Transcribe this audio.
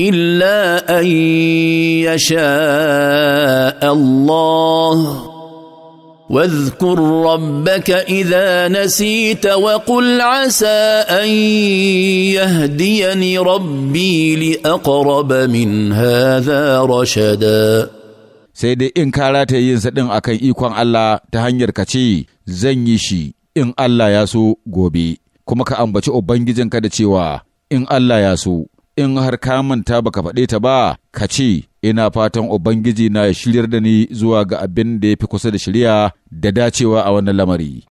الا ان يشاء الله واذكر ربك اذا نسيت وقل عسى ان يهديني ربي لاقرب من هذا رشدا sai dai in ka rataye yin ɗin akan ikon Allah ta hanyar ka ce zan yi shi in Allah ya so gobe kuma ka ambaci ubangijinka da cewa in Allah ya so in har ka manta baka faɗe ta ba ka ce ina fatan ubangiji na ya shiryar da ni zuwa ga abin da ya fi kusa da shirya da dacewa a wannan lamari